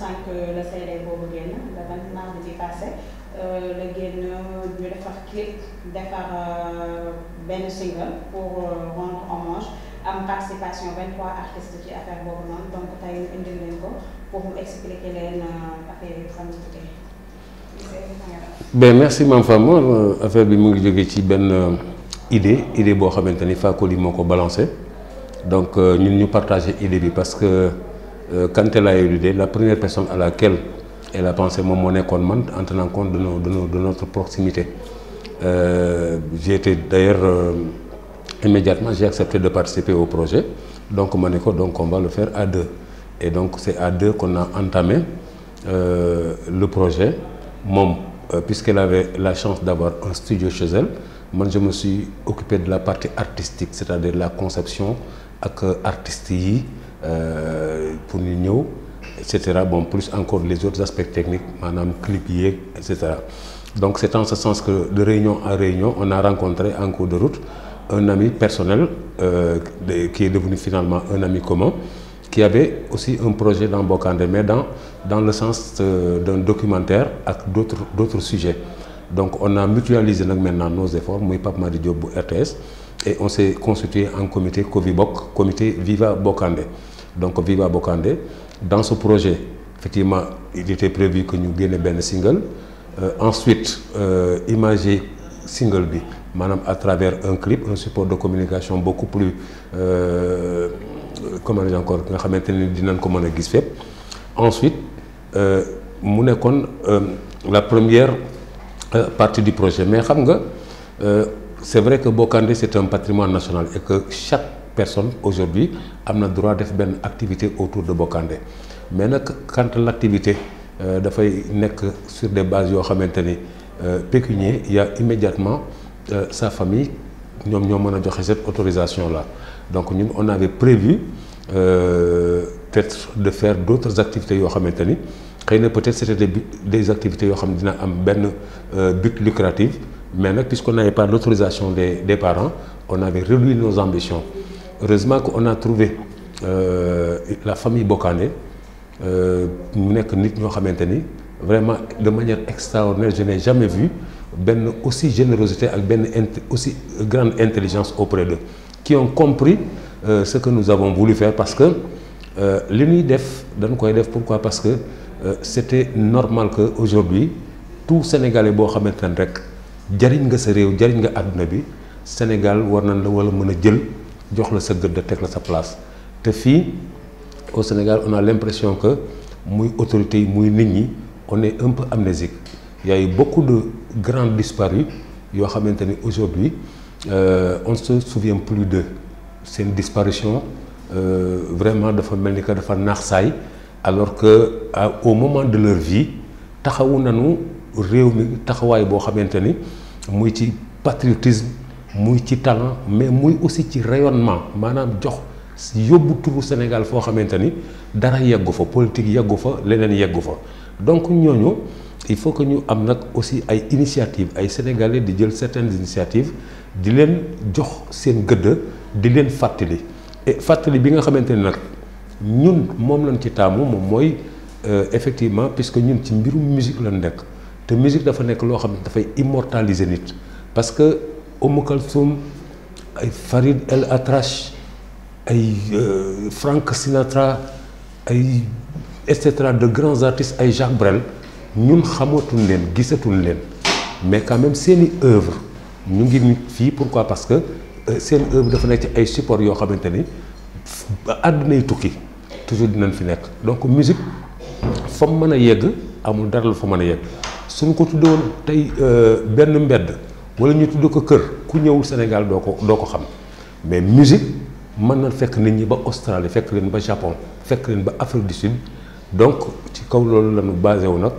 sànq la seeree boobu génn le vingt mars bi passé euh, la génn ñu defar clip defar euh, benn single pour euh, rendre hommage am participation 23 artistes ci affaire boobu noonu donc tey ñu indil leen ko pour mu expliquer leen affaire yi fan ben merci Mame Famor affaire bi mu ngi jóge ci benn idée idée boo xamante ni Fakoli moo ko balancé donc ñun ñu partagé idée bi parce que euh, quand elle a l'idée, la première personne à laquelle elle a pensé mon monnaie demande en tenant compte de, notre proximité. Euh, j'ai été d'ailleurs euh, immédiatement j'ai accepté de participer au projet. Donc école donc on va le faire à deux. Et donc c'est à deux qu'on a entamé le projet. puisqu'elle avait la chance d'avoir un studio chez elle, moi je me suis occupé de la partie artistique, c'est-à-dire la conception avec artistique. Euh, pour ñu etc. bon plus encore les autres aspects techniques Madame clipier etc. donc c'est en ce sens que de réunion en réunion on a rencontré en cours de route un ami personnel euh, qui est devenu finalement un ami commun qui avait aussi un projet dans Bocandé mais dans, dans le sens euh, d'un documentaire avec d'autres sujets. Donc on a mutualisé maintenant nos efforts, moi Pape RTS, et on s'est constitué en comité Coviboc, comité Viva Bocandé donc Viva Bokandé dans ce projet effectivement il était prévu que nous gagnions Ben single euh, ensuite euh, imager single à travers un clip un support de communication beaucoup plus euh, comment dire encore nga xamante maintenant dinañ ko on a fait. ensuite euh, mu euh, la première partie du projet mais c'est vrai que Bokandé c'est un patrimoine national et que chaque personne aujourd'hui a le droit faire une activité autour de Bokande. mais quand l'activité est euh, sur des bases euh, pécuniaires, il y a immédiatement euh, sa famille qui a cette autorisation là donc nous on avait prévu peut-être de faire d'autres activités peut-être que c'était des activités qui but lucratif mais puisqu'on n'avait pas l'autorisation des des parents on avait réduit nos ambitions heureusement qu'on a trouvé euh, la famille Bokane Qui euh, vraiment de manière extraordinaire je n'ai jamais vu aussi générosité et aussi grande intelligence auprès d'eux qui ont compris euh, ce que nous avons voulu faire parce que li def def pourquoi parce que c'était normal qu'aujourd'hui... tout sénégalais Sénégal xamante rek jariñ nga sa Sénégal la jox la sa gëdd teg la sa place te fii au Sénégal on a l'impression que muy autorités yi nit ñi on est un peu amnésique il y a eu beaucoup de grands disparus yoo xamante ni aujourd'hui euh, on se souvient plus d'eux seen disparition euh, vraiment dafa mel ni que dafa naax saay alors que à, au moment de leur vie taxawu nañu réew mi taxawaay boo xamante ni ci patriotisme muy ci talent mais aussi ci rayonnement Si jox êtes turu Sénégal fo xamanteni dara yeggu fa politique yeggu fa leneen yeggu fa donc ñooñu il faut que ñu am aussi ay initiative ay sénégalais di certaines initiatives di leen jox seen gëdd di leen et bi nga xamanteni nak ñun lañ ci euh, effectivement puisque ñun ci mbirum musique La musique dafa immortaliser parce que Oumou Farid El Atrache euh, Frank Sinatra etc. de grands artistes Jacques Brel ñun xamatuñ leen gisatuñ leen mais quand même une œuvre nous pourquoi parce que une euh, œuvre dafa fenêtre ci ay support toujours dinañ fi donc musique fa mu yegg amul lu wala ñu tudd ko kër ku au Sénégal doo ko mais musique mën na fekk nit ñi Australie fekk leen Japon fekk leen ba Afrique du Sud donc ci kaw loolu la ñu basé wu nag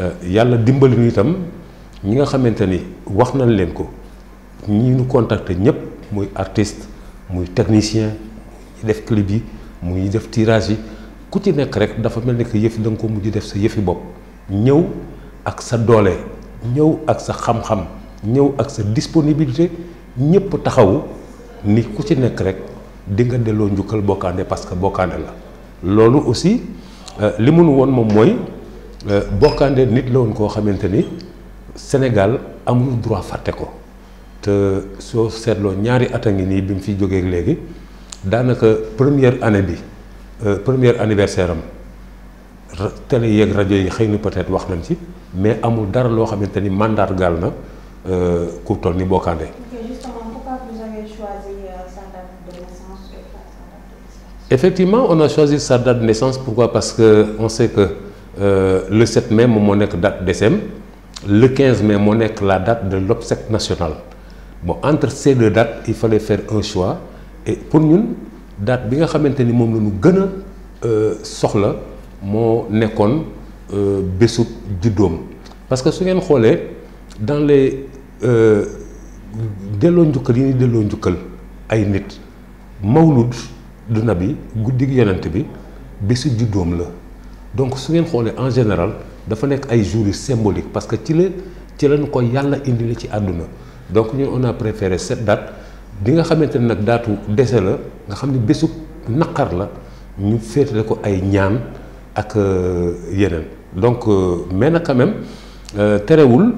euh, yàlla dimbali itam ñi nga xamante ni wax nañ leen ko ñi contacté ñëpp muy artiste muy technicien def yi muy dafa que ko def sa ñew ak sa disponibilité ñepp taxaw ni ku ci nek rek di nga delo ñukal bokandé parce que bokandé la lolu aussi euh, limun won nu woon moom euh, nit la won ko xamanteni Sénégal amul droit faté ko te so seetloo ñaari atangi ni ngi fi joggé mu fiy jógee première année bi euh, première anniversaire am télé yeeg radio yi xëy peut-être wax nañ ci mais amul dara lo xamanteni mandat galna ku toll ni ok justement pourquoi vous avez choisi euh, sa date de naissance et pas sa date de naissance. effectivement on a choisi sa date de naissance pourquoi parce qu'on sait que euh, le 7 mai moom date décès le 15 mai moo la date de l'obsèque national. bon entre ces deux dates il fallait faire un choix et pour la date bi nga xamante ni moom la ñu gën a euh, soxla la nekkoon euh, bésub parce que si vous regardez, dans les euh, delloo njukkal yi ñuy delloo njukkal ay nit mawlud du nabi guddig yonent bi bésu juddoom la donc su ngeen xoolee en général dafa nek ay jours yu symbolique parce que ci le ci lañ ko yalla indi la ci aduna donc ñu on a préféré cette date di nga xamante nak datu daatu la nga xamni ne nakar la ñu féetale ko ay ñaan ak euh, yeneen donc euh, mais nag quand même terewul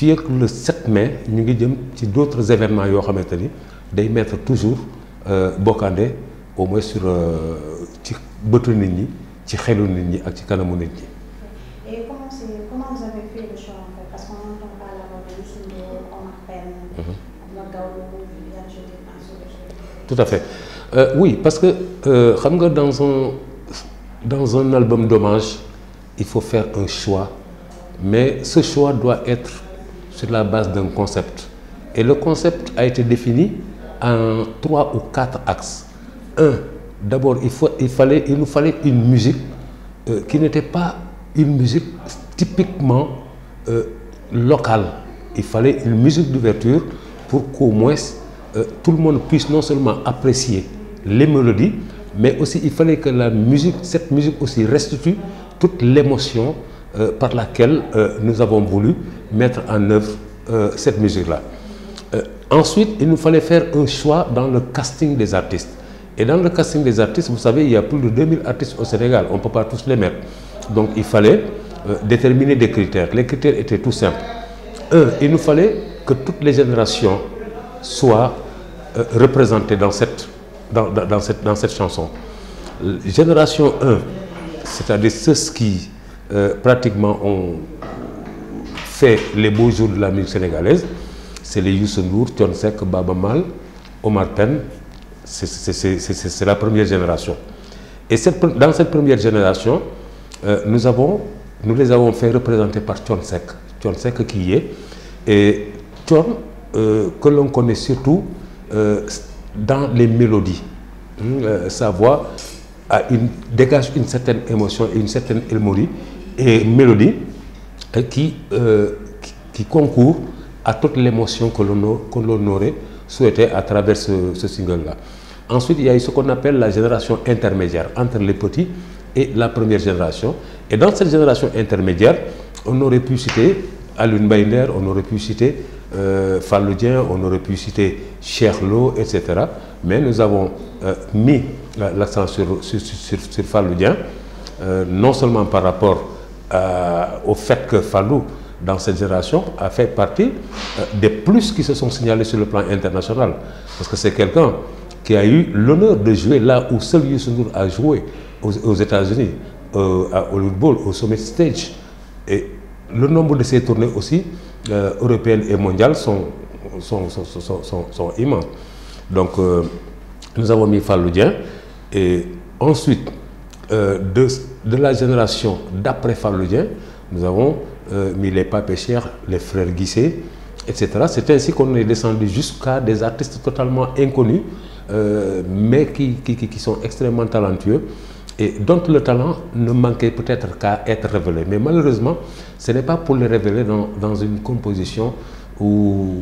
que le 7 mai nous ngi d'autres ci à événements yoo xamante day mettre toujours euh, Bokandé au moins sur euh, ci bëtu nit ñi ci choses nit ñi et comment c'est comment vous avez fait le choix en fait parce qu'on entend pas la bas de on Omar appelle, mhm. sur le tout à fait euh, oui parce que xam dans un dans un album d'hommage il faut faire un choix mais ce choix doit être sur la base d'un concept. Et le concept a été défini en trois ou quatre axes. Un, d'abord, il, faut, il, fallait, il nous fallait une musique euh, qui n'était pas une musique typiquement euh, locale. Il fallait une musique d'ouverture pour qu'au moins euh, tout le monde puisse non seulement apprécier les mélodies, mais aussi il fallait que la musique, cette musique aussi restitue toute l'émotion par laquelle nous avons voulu mettre en œuvre euh, cette mesure-là. Euh, ensuite, il nous fallait faire un choix dans le casting des artistes. Et dans le casting des artistes, vous savez, il y a plus de 2000 artistes au Sénégal. On ne peut pas tous les mettre. Donc, il fallait euh, déterminer des critères. Les critères étaient tout simples. Un, il nous fallait que toutes les générations soient représentées dans cette, dans, cette, dans cette chanson. Génération 1, c'est-à-dire ceux qui pratiquement ont c'est les beaux jours de la musique sénégalaise, c'est les Youssou Ndour, Sek, Baba Mal, Omar Penn, c'est la première génération. Et dans cette première génération, euh, nous, avons, nous les avons fait représenter par Thionsek. Thionsek qui est, et Thion euh, que l'on connaît surtout euh, dans les mélodies. sa voix a une, dégage une certaine émotion et une certaine elmorie et mélodie euh, euh, qui, qui, concourt à toute l'émotion que l'on aurait souhaité à travers ce, single-là. Ensuite, il y a eu ce qu'on appelle la génération intermédiaire entre les petits et la première génération. Et dans cette génération intermédiaire, on aurait pu citer Alun Binder, on aurait pu citer euh, on aurait pu citer Cherlo, etc. Mais nous avons euh, mis l'accent sur, sur, sur, sur Falloudien, non seulement par rapport euh, au fait que Fallou, dans cette génération, a fait partie euh, des plus qui se sont signalés sur le plan international. Parce que c'est quelqu'un qui a eu l'honneur de jouer là où seul Ndour a joué, aux, États-Unis, euh, à au Summit Stage. Et le nombre de ces tournées aussi, euh, européennes et mondiales, sont, sont, sont, sont immenses. Donc, nous avons mis Falloudien et ensuite, euh, de, la génération d'après Fableudien, nous avons euh, mis les papes chers, les frères Guisset, etc. C'est ainsi qu'on est descendu jusqu'à des artistes totalement inconnus, euh, mais qui, qui, sont extrêmement talentueux et dont le talent ne manquait peut-être qu'à être révélé. Mais malheureusement, ce n'est pas pour le révéler dans, une composition ou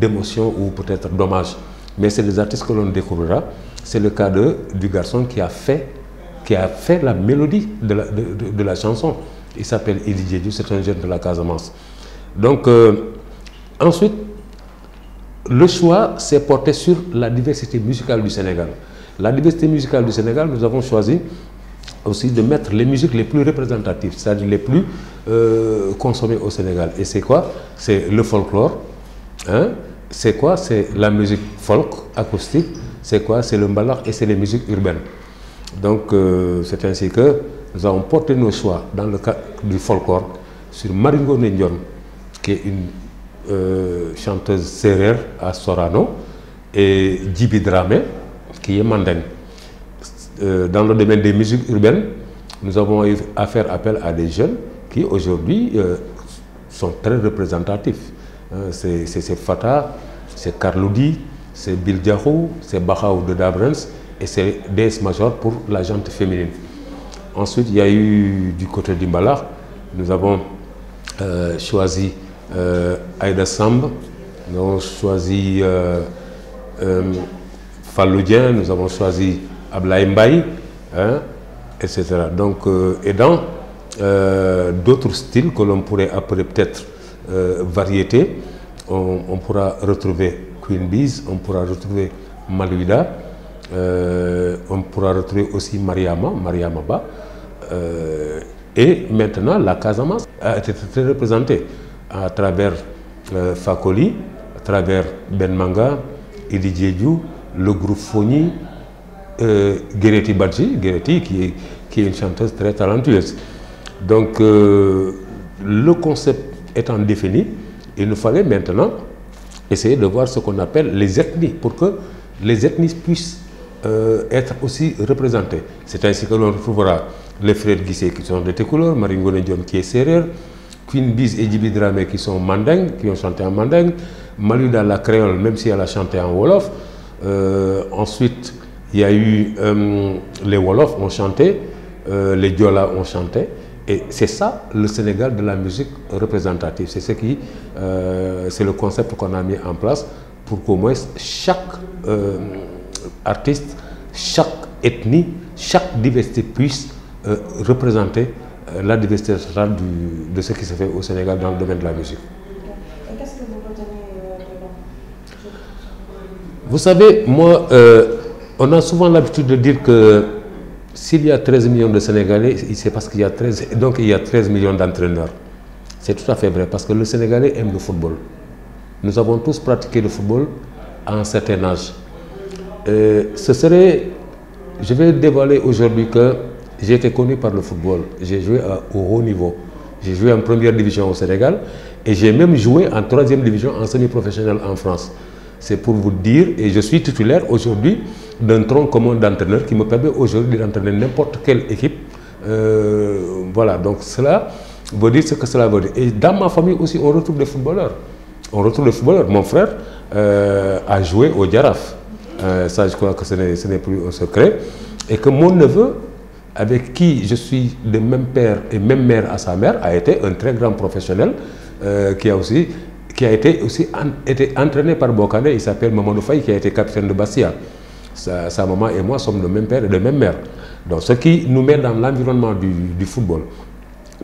d'émotion ou peut-être dommage. Mais c'est des artistes que l'on découvrira. C'est le cas de, du garçon qui a fait qui a fait la mélodie de la, chanson. Il s'appelle Djedjou, c'est un jeune de la Casamance. Donc, euh, ensuite, le choix s'est porté sur la diversité musicale du Sénégal. La diversité musicale du Sénégal, nous avons choisi aussi de mettre les musiques les plus représentatives, c'est-à-dire les plus euh, consommées au Sénégal. Et c'est quoi C'est le folklore. Hein? C'est quoi C'est la musique folk, acoustique. C'est quoi C'est le mbalak et c'est les musiques urbaines. Donc euh, c'est ainsi que nous avons porté nos choix dans le cadre du folklore sur Maringo Nendion, qui est une euh, chanteuse serrère à Sorano, et Djibi Dramé, qui est mandingue. Euh, dans le domaine des musiques urbaines, nous avons eu à faire appel à des jeunes qui aujourd'hui sont très représentatifs. Hein, c'est Fatah, c'est Carloudi, c'est Bill c'est Bachao de Dabrens, et c'est des majors pour la jante féminine. Ensuite, il y a eu du côté d'Imbala... Euh, euh, nous avons choisi euh, euh Aïda nous avons choisi hein, euh, Falloudien, nous avons choisi Abla Mbaye, etc. Donc, et dans d'autres styles que l'on pourrait appeler peut-être variété, on, pourra retrouver Queen Bees, on pourra retrouver Malouida. Euh, on pourra retrouver aussi Mariama, Mariama Ba. Euh, et maintenant, la Casamance a été très représentée à travers euh, Fakoli, à travers Ben manga Djedjou, le groupe Foni, Gereti Badji, qui est, qui est une chanteuse très talentueuse. Donc, le concept étant défini, il nous fallait maintenant essayer de voir ce qu'on appelle les ethnies pour que les ethnies puissent euh, être aussi représenté C'est ainsi que l'on retrouvera les frères Guissé qui sont de Marine Maringone Diom qui est sérieux Queen bise et Djibi Dramé qui sont mandingues, qui ont chanté en mandingue, dans la créole, même si elle a chanté en wolof. Euh, ensuite, il y a eu les euh, les wolof ont chanté, les diola ont chanté. Et c'est ça le Sénégal de la musique représentative. C'est ce qui, c'est le concept qu'on a mis en place pour qu'au moins chaque artistes, chaque ethnie, chaque diversité puisse euh, représenter euh, la diversité de ce qui se fait au Sénégal dans le domaine de la musique. Et Qu'est-ce que vous euh, Vous savez, moi, on a souvent l'habitude de dire que s'il y a 13 millions de Sénégalais, c'est parce qu'il y a 13, donc il y a 13 millions d'entraîneurs. C'est tout à fait vrai, parce que le Sénégalais aime le football. Nous avons tous pratiqué le football à un certain âge. Euh, ce serait, je vais dévoiler aujourd'hui que j'ai été connu par le football. J'ai joué au haut niveau. J'ai joué en première division au Sénégal et j'ai même joué en troisième division en semi-professionnel en France. C'est pour vous dire, et je suis titulaire aujourd'hui d'un tronc commun d'entraîneur qui me permet aujourd'hui d'entraîner n'importe quelle équipe. Euh, voilà, donc cela veut dire ce que cela veut dire. Et dans ma famille aussi, on retrouve des footballeurs. On retrouve des footballeurs. Mon frère euh, a joué au Djaraf. Euh, ça, je crois que ce n'est plus un secret. Et que mon neveu, avec qui je suis de même père et même mère à sa mère, a été un très grand professionnel euh, qui a aussi qui a été aussi été entraîné par Bokande il s'appelle Mamadou Faye, qui a été capitaine de Bastia. Sa, maman et moi sommes de même père et de même mère. Donc ce qui nous met dans l'environnement du, football.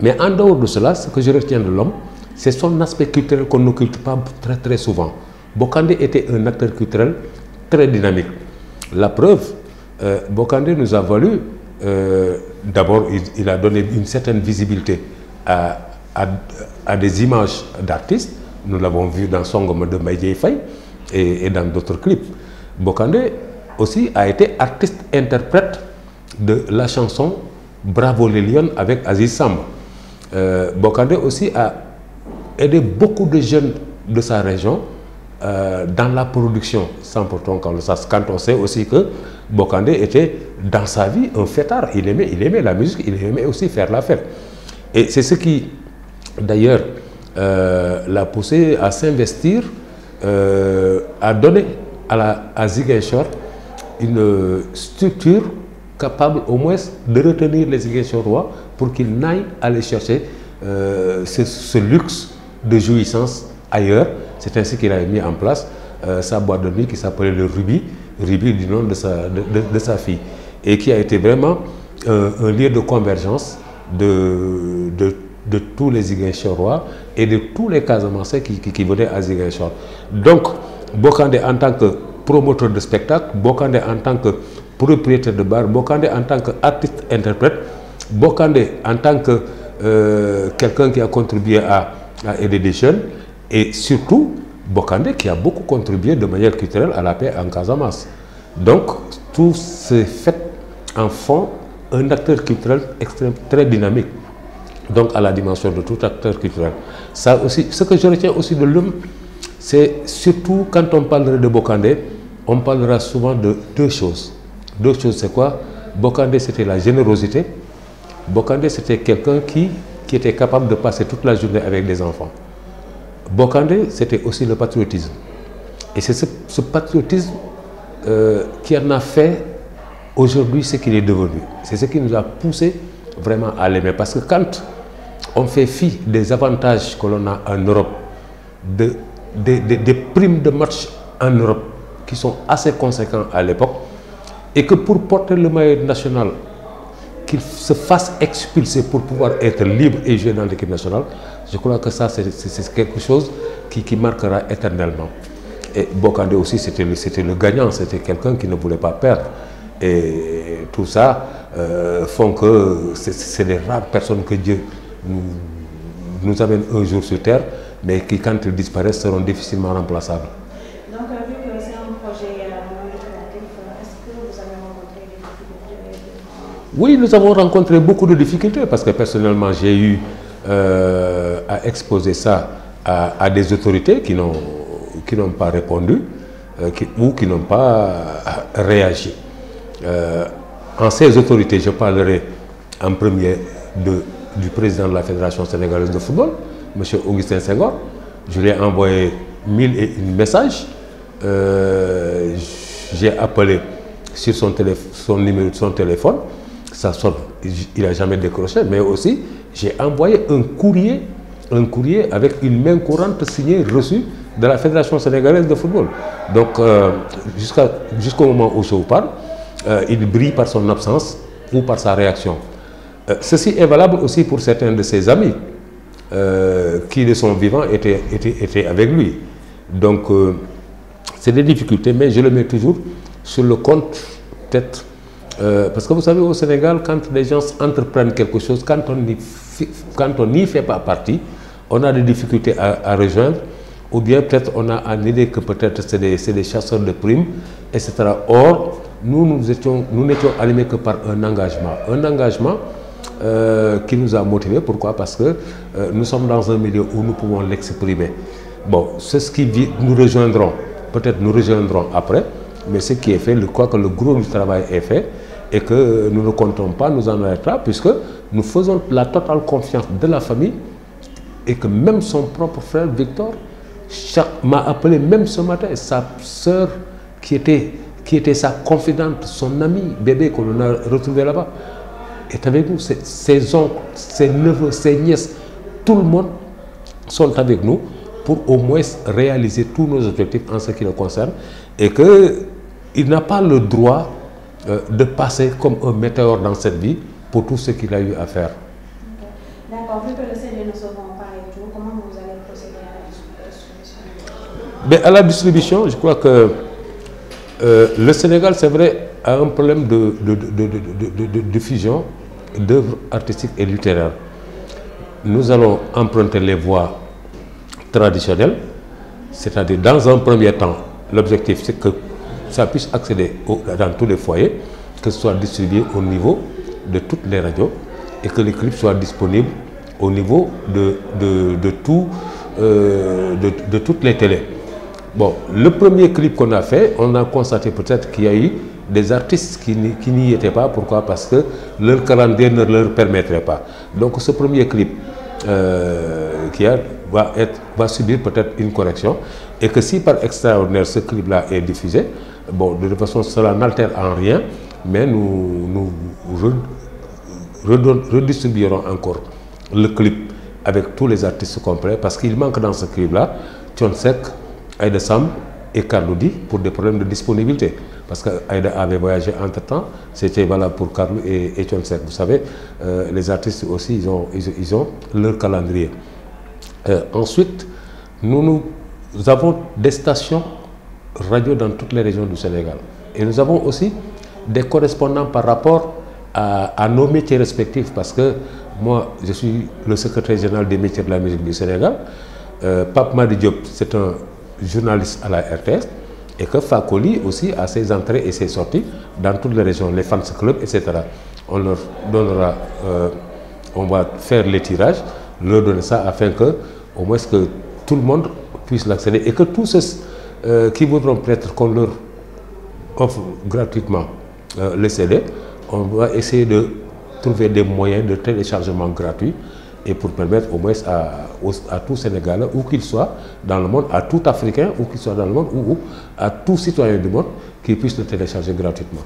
Mais en dehors de cela, ce que je retiens de l'homme, c'est son aspect culturel qu'on n'occulte pas très très souvent. Bokande était un acteur culturel très dynamique. La preuve, euh, Bokandé Bokande nous a valu, euh, d'abord il, a donné une certaine visibilité à, des images d'artistes, nous l'avons vu dans Songom de Maïdje Faye et, dans d'autres clips. Bokande aussi a été artiste-interprète de la chanson Bravo les Lions avec Aziz Samba. Euh, Bokande aussi a aidé beaucoup de jeunes de sa région euh, dans la production, sans pourtant qu'on le sache. Quand on sait aussi que Bokande était dans sa vie un fêtard, il aimait, il aimait la musique, il aimait aussi faire l'affaire Et c'est ce qui, d'ailleurs, euh, l'a poussé à s'investir, euh, à donner à, la, une structure capable au moins de retenir les Ziguinchorois pour qu'ils n'aillent aller chercher ce, ce luxe de jouissance ailleurs c'est ainsi qu'il a mis en place euh, sa boîte de nuit qui s'appelait le Ruby, Ruby du nom de sa, fille, et qui a été vraiment euh, un lieu de convergence de, tous les Ziguinchorois et de tous les cas qui, qui, venaient à Ziguinchor. Donc, Bokande en tant que promoteur de spectacle, Bokande en tant que propriétaire de bar, Bokande en tant qu'artiste-interprète, Bokande en tant que euh, quelqu'un qui a contribué à, à aider des jeunes, et surtout, Bokande qui a beaucoup contribué de manière culturelle à la paix en Casamance. Donc, tout s'est fait en fond un acteur culturel extrême, très dynamique. Donc, à la dimension de tout acteur culturel. Ça aussi, ce que je retiens aussi de l'homme, c'est surtout quand on parlerait de Bokande, on parlera souvent de deux choses. Deux choses, c'est quoi Bokande, c'était la générosité. Bokande, c'était quelqu'un qui, qui était capable de passer toute la journée avec des enfants. Bokandé, c'était aussi le patriotisme. Et c'est ce, patriotisme euh, qui en a fait aujourd'hui ce qu'il est devenu. C'est ce qui nous a poussé vraiment à l'aimer. Parce que quand on fait fi des avantages que l'on a en Europe, des primes de match en Europe qui sont assez conséquents à l'époque, et que pour porter le maillot national, qu'il se fasse expulser pour pouvoir être libre et jouer dans l'équipe nationale, je crois que ça, c'est quelque chose qui, marquera éternellement. Et Bokande aussi, c'était le, gagnant, c'était quelqu'un qui ne voulait pas perdre. Et tout ça euh, font que c'est des rares personnes que Dieu nous, amène un jour sur Terre, mais qui, quand ils disparaissent, seront difficilement remplaçables. Donc, euh, vu que c'est un projet euh, est-ce que vous avez rencontré des difficultés Oui, nous avons rencontré beaucoup de difficultés parce que personnellement, j'ai eu euh, à exposer ça à, des autorités qui n'ont pas répondu euh, ou qui n'ont pas euh, réagi. en ces autorités, je parlerai en premier de, du président de la Fédération sénégalaise de football, M. Augustin Senghor. Je lui ai envoyé mille et une messages. J'ai appelé sur son, son numéro de son téléphone. Ça il n'a jamais décroché, mais aussi j'ai envoyé un courrier, un courrier avec une main courante signée, reçue de la Fédération sénégalaise de football. Donc, euh, jusqu'au moment où je vous parle, euh, il brille par son absence ou par sa réaction. Euh, ceci est valable aussi pour certains de ses amis qui, de son vivant, étaient, étaient, étaient avec lui. Donc, c'est des difficultés, mais je le mets toujours sur le compte, peut-être, euh, parce que vous savez, au Sénégal, quand les gens entreprennent quelque chose, quand on n'y fait pas partie, on a des difficultés à, rejoindre, ou bien peut-être on a une idée que peut-être c'est des, des, chasseurs de primes, etc. Or, nous, n'étions nous animés que par un engagement. Un engagement euh, qui nous a motivés. Pourquoi Parce que euh, nous sommes dans un milieu où nous pouvons l'exprimer. Bon, c'est ce qui nous rejoindrons. Peut-être nous rejoindrons après, mais ce qui est fait, je crois que le gros du travail est fait et que nous ne comptons pas nous en être là, puisque nous faisons la totale confiance de la famille et que même son propre frère Victor m'a appelé même ce matin, sa soeur... qui était, qui était sa confidente, son ami bébé qu'on a retrouvé là-bas, est avec nous. Ses, oncles, ses neveux, ses nièces, tout le monde sont avec nous pour au moins réaliser tous nos objectifs en ce qui le concerne et qu'il n'a pas le droit euh, de passer comme un météore dans cette vie pour tout ce qu'il a eu à faire. D'accord, vu que le Seigneur se vend pas et tout, comment vous allez procéder à la euh, distribution Mais À la distribution, je crois que euh, le Sénégal, c'est vrai, a un problème de, de, d'œuvres artistiques et littéraires. Nous allons emprunter les voies traditionnelles, c'est-à-dire dans un premier temps, l'objectif c'est que ça puisse accéder dans tous les foyers, que ce soit distribué au niveau de toutes les radios et que les clips soient disponibles au niveau de, de, tout, euh, de, toutes les télés. Bon, le premier clip qu'on a fait, on a constaté peut-être qu'il y a eu des artistes qui, n'y étaient pas. Pourquoi Parce que leur calendrier ne leur permettrait pas. Donc ce premier clip euh, qui a va, va subir peut-être une correction et que si par extraordinaire ce clip là est diffusé, bon, de toute façon cela n'altère en rien, mais nous, redistribuerons encore le clip avec tous les artistes complets parce qu'il manque dans ce clip-là Tchonsek, Aïda Sam et Carloudi pour des problèmes de disponibilité. Parce qu'Aïda avait voyagé entre-temps, c'était valable pour Carlo et, Tchonsek. Vous savez, euh, les artistes aussi, ont, ils ont leur calendrier. Euh, ensuite, nous, avons des stations radio dans toutes les régions du Sénégal. Et nous avons aussi des correspondants par rapport à, nos métiers respectifs parce que moi, je suis le secrétaire général des métiers de la musique du Sénégal. Euh, Pape Madi Diop, c'est un journaliste à la RTS et que Fakoli aussi a ses entrées et ses sorties dans toutes les régions, les fans clubs, etc. On leur donnera, euh, on va faire les tirages leur donner ça afin que, au moins, que tout le monde puisse l'accéder et que tous ceux euh, qui voudront peut-être qu'on leur offre gratuitement euh, le les CD, on va essayer de trouver des moyens de téléchargement gratuit et pour permettre au moins à, tout Sénégalais, où qu'il soit dans le monde, à tout Africain, où qu'il soit dans le monde, ou, à tout citoyen du monde, qui puisse le télécharger gratuitement.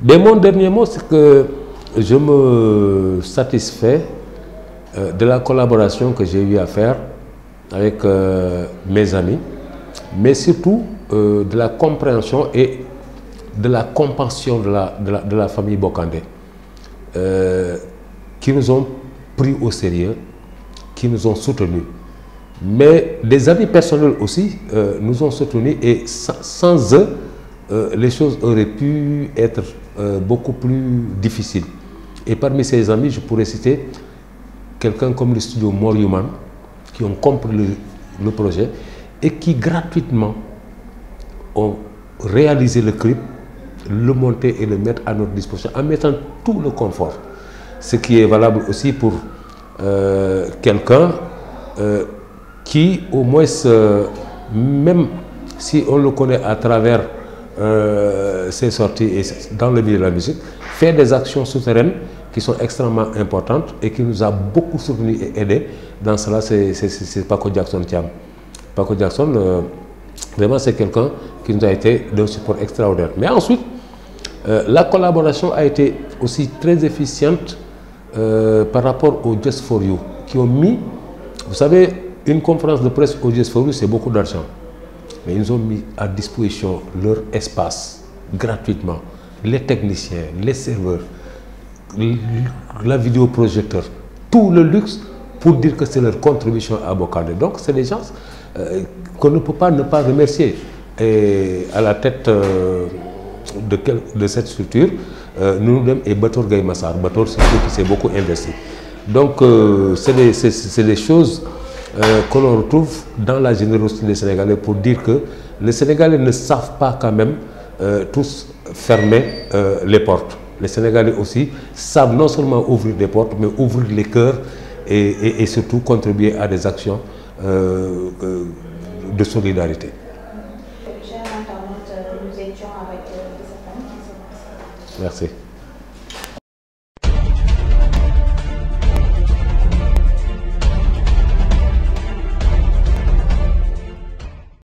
Des mots, dernier mot, c'est que je me satisfais euh, de la collaboration que j'ai eu à faire avec euh, mes amis, mais surtout euh, de la compréhension et de la compassion de la, famille Bokandé, qui nous ont pris au sérieux, qui nous ont soutenus. Mais des amis personnels aussi nous ont soutenus et sans eux, les choses auraient pu être beaucoup plus difficiles. Et parmi ces amis, je pourrais citer quelqu'un comme le studio Moriuman, qui ont compris le, projet et qui gratuitement ont réalisé le clip, le monter et le mettre à notre disposition en mettant tout le confort. Ce qui est valable aussi pour euh, quelqu'un euh, qui, au moins, même si on le connaît à travers euh, c'est sorti et dans le milieu de la musique, fait des actions souterraines qui sont extrêmement importantes et qui nous a beaucoup souvenu et aidé. Dans cela, c'est Paco Jackson Paco Jackson, euh, vraiment, c'est quelqu'un qui nous a été d'un support extraordinaire. Mais ensuite, euh, la collaboration a été aussi très efficiente par rapport au Just for You, qui ont mis, vous savez, une conférence de presse au Just for You, c'est beaucoup d'argent ils ont mis à disposition leur espace gratuitement. Les techniciens, les serveurs, la vidéoprojecteur, tout le luxe pour dire que c'est leur contribution à Bocardé. Donc, c'est des gens euh, qu'on ne peut pas ne pas remercier. Et à la tête euh, de, de, cette structure, euh, nous sommes et Bator Gaïmassar. Bator, c'est qui s'est beaucoup investi. Donc, c'est des choses euh, que l'on retrouve dans la générosité des Sénégalais pour dire que les Sénégalais ne savent pas quand même euh, tous fermer euh, les portes. Les Sénégalais aussi savent non seulement ouvrir des portes, mais ouvrir les cœurs et, et surtout contribuer à des actions de solidarité. Merci.